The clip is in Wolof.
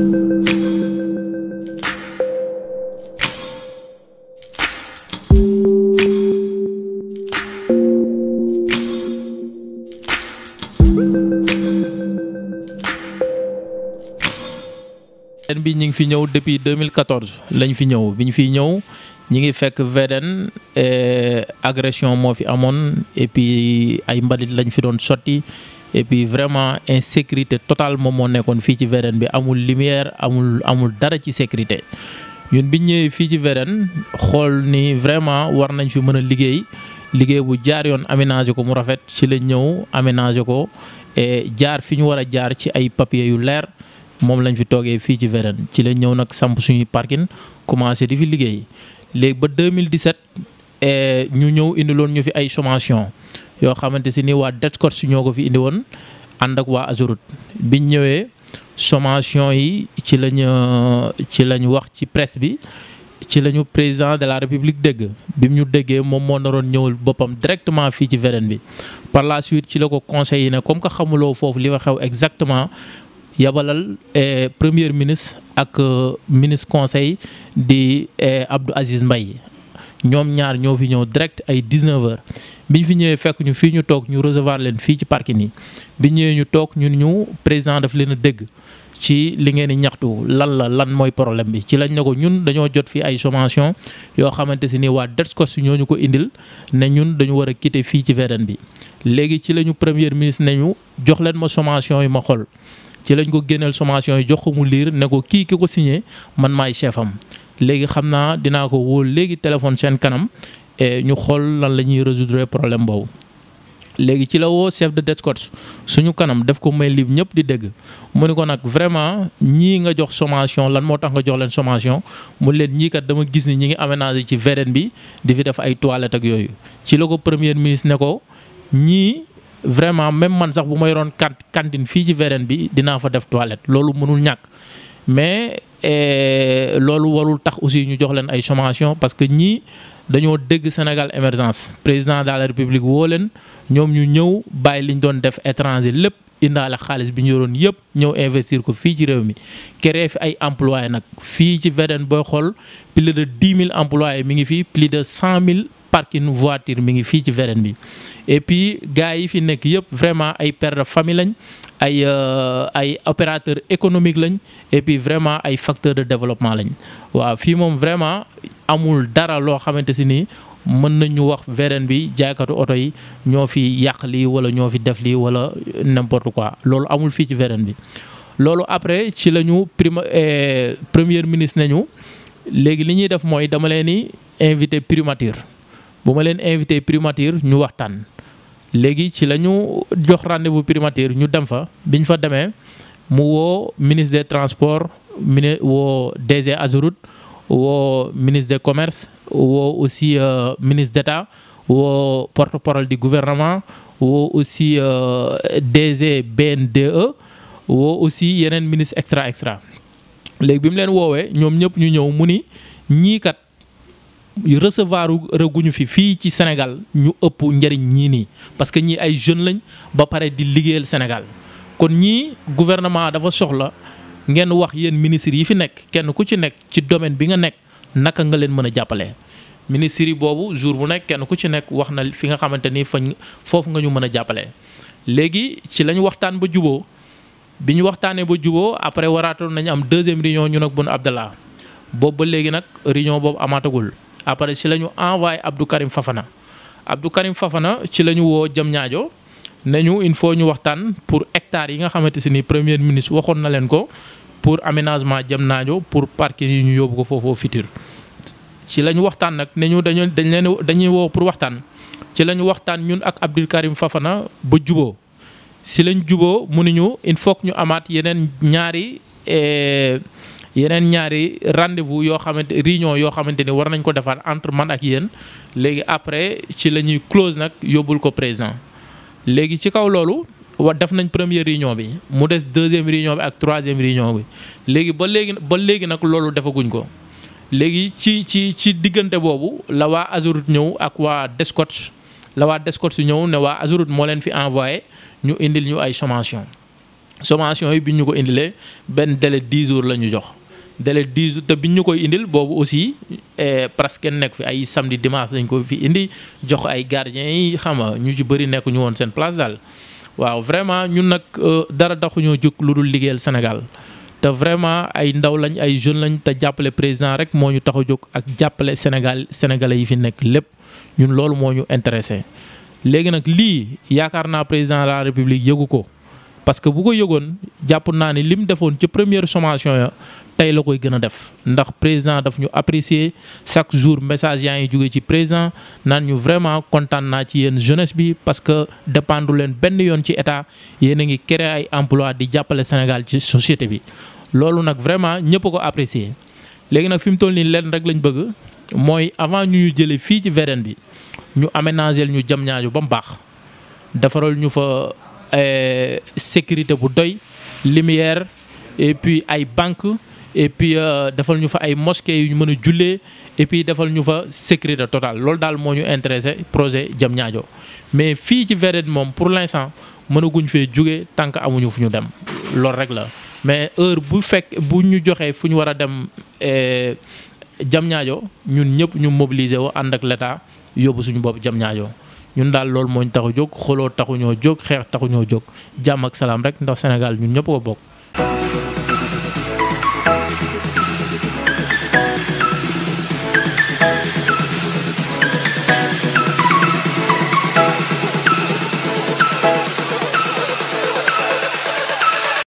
Nous sommes depuis 2014 lañ fi ñëw bi ñu fiy ñëw ngi fekk eh, agression à fi et puis ay mbalit lañ fi doon et puis vraiment insécurité totale moom moo nekkoon fii ci Védène bi amul lumière amul amul dara ci sécurité ñun biñ ñëwee fii ci Védène xool ni vraiment war nañ fi mën a liggéey liggéey bu jaar yoon aménager ko mu rafet ci la ñëw aménager ko et jaar fi ñu war a jaar ci ay papier yu leer moom lañ fi toogee fii ci Védène ci la ñëw nag samp suñuy parking commencé di fi liggéey léegi ba 2017 eh, ñu ñëw indi loon ñu fi ay sommation yoo xamante si ni waa Descorch ñoo ko fi indi woon ànd ak waa Azurut biñ ñëwee sommation yi ci lañ ci lañ wax ci presse bi ci lañu président de la république dégg bi mu ñu déggee moom moo naroon ñëwul boppam directement fii ci VDN bi par la suite ci la ko conseil yi ne comme que xamuloo foofu li fa xew exactement yabalal eh, premier ministre ak euh, ministre conseil di eh, Abdou Aziz Mbaye ñoom ñaar ñoo fi ñëw direct ay 19h bi ñu fi ñëwee fekk ñu fii ñu toog ñu recevoir leen fii ci parki yi bi ñëwee ñu toog ñun ñu président daf leen a dégg ci li ngeen di ñaxtu lan la lan mooy problème bi ci lañ ne ko ñun dañoo jot fii ay sommation yoo xamante si ni waa DSCOS ñoo ñu ko indil ne ñun dañu war a quitter fii ci VDN bi. léegi ci la ñu premier ministre ne ñu jox leen ma sommation yi ma xol ci lañ ko génneel sommation yi jox ko mu liir ne ko kii ko signé man maay chef léegi xam naa dinaa ko wóol léegi téléphone seen kanam ñu xool lan la ñuy résoudre problème boobu. léegi ci la woo chef de descorte suñu kanam def ko may libre ñëpp di dégg mu ne ko nag vraiment ñii nga jox sommation lan moo tax nga jox leen sommation mu leen ñii kat dama gis ni ñi ngi aménagé ci VDN bi di fi def ay toilettes ak yooyu. ci la ko premier ministre ne ko ñii vraiment même man sax bu ma yoroon kant fii ci VDN bi dinaa fa def toilette loolu mënul ñàkk loolu warul tax aussi ñu jox leen ay sommation parce que ñii dañoo dégg Sénégal émergence président de la république woo leen ñoom ñu ñëw bàyyi li ñu doon def étranger lépp indaale xaalis bi ñu yoroon yëpp ñëw investir ko fii ci réew mi créer fi ay employés nag fii ci Védène booy xool plus de dix mille employés mi ngi fii plus de cent mille parking voiture mi ngi fii ci Védène bi et puis gars yi fi nekk yëpp vraiment ay pères de famille lañ ay euh, ay opérateurs économiques lañ et puis vraiment ay facteurs de développement lañ waaw fii moom vraiment amul dara loo xamante si ni mën nañu wax VDN bi jaaykatu oto yi ñoo fi yàq lii wala ñoo fi def lii wala n'importe quoi loolu amul fii ci VDN bi. loolu après ci la ñu prima euh, première ministre nañu léegi li ñuy def mooy dama leen di invité primature bu ma leen invité primature ñu waxtaan. léegi ci la ñu jox rendez-vous ñu dem fa biñ fa demee mu woo ministre des transports mini woo DG Azuroute woo ministre des commerce woo aussi euh, ministre d'État woo porte-parole du gouvernement woo aussi euh, DG BNDE woo aussi yeneen ministre extra extra léegi bi leen woowee ñoom ñëpp ñu ñëw mu ni ñiikat recevoir guñu fi fii ci Sénégal ñu ëpp njëriñ ñii nii parce que ñii ay jeunes lañ ba pare di liggéeyal Sénégal kon ñii gouvernement dafa soxla ngeen wax yéen ministres yi fi nekk kenn ku ci nekk ci domaine bi nga nekk naka nga leen mën a jàppale. ministres yi boobu jour bu nekk kenn ku ci nekk wax na fi nga xamante ni fañ foofu nga ñu mën a jàppale léegi ci lañ waxtaan ba juboo bi ñu waxtaanee ba juboo après waraatoon nañu am deuxième réunion ñu nag bun Abdallah boobu ba léegi nag réunion boobu amaatagul. après ci la ñu envoyé Abdou Karim Fafana Abdou Karim Fafana ci la ñu woo ñaajo ne ñu il faut ñu waxtaan pour hectares yi nga xamante si ni premier ministre waxoon na leen ko pour aménagement jëm naajo pour parking yi ñu yóbbu ko foofu futur ci la ñu waxtaan nag ne ñu dañu dañ dañuy woo pour waxtaan ci la waxtaan ñun ak Abdou Karim Fafana ba juboo si lañ juboo mu ne ñu il faut ñu amaat yeneen ñaari eh, yeneen ñaari rendez-vous yoo xamante réunion yoo xamante ni war nañ ko defaat entre man ak yéen léegi après ci la ñuy close nag yóbbul ko président léegi ci kaw loolu wa def nañ première réunion bi mu des deuxième réunion bi ak troisième réunion bi léegi ba léegi ba léegi nag loolu defaguñ ko léegi ci ci ci diggante boobu la waa Azurut ñëw ak waa Descote la waa Descote su ñëw ne waa Azurut moo leen fi envoyé ñu indil ñu ay sommation sommation yi bi ñu ko indilee benn délai 10 jours la ñu jox. délai 10 août te bi ñu koy indil boobu aussi eh, presque kenn nekk fi ay samedi dimanche dañ ko fi indi jox ay gardiens yi xam nga ñu ci bari nekk ñu woon seen place daal. waaw vraiment ñun nag euh, dara taxuñoo jóg lu dul liggéeyal Sénégal te vraiment ay ndaw lañ ay jeunes lañ te jàppale président rek moo ñu tax a jóg ak jàppale Sénégal sénégalais yi fi nekk lépp ñun loolu moo ñu intéressé léegi nag lii yaakaar naa président la république yëgu ko. parce que bu ko yëgoon jàpp naa ne lim defoon ci première sommation ya tey la koy gën a def ndax président daf ñu apprécier chaque jour message yaa ngi jóge ci président naan ñu vraiment kontaan naa ci yéen jeunesse bi parce que dépendre leen benn yoon ci état yéen a ngi créer ay emploi di jàppale Sénégal ci société bi. loolu nag vraiment ñëpp ko apprécier léegi nag fi mu toll nii leen rek lañ bëgg mooy avant ñu ñu jëlee fii ci VDN bi ñu aménager ñu jam ñaaju ba mu baax Euh, sécurité bu doy lumière et puis ay banque et puis euh, defal ñu fa ay mosquée yu mëna mën et puis defal ñu fa sécurité totale lool dal mo ñu intéressé projet Diamniadio mais fi ci Vérone mom pour l'instant mëna guñ fe tant tank amuñu fuñu dem lool rek la mais heure bu fek bu ñu joxé fuñu wara dem a dem euh, Diamniadio ñun ñëpp ñu mobiliser wo and ak l'État yobu suñu bopp Diamniadio ñun daal loolu mooñ ñu a jóg xoloo taxuñoo jóg xeex taxuñoo jóg jàmm ak salaam rek ndax Sénégal ñun ñëpp ko bokk.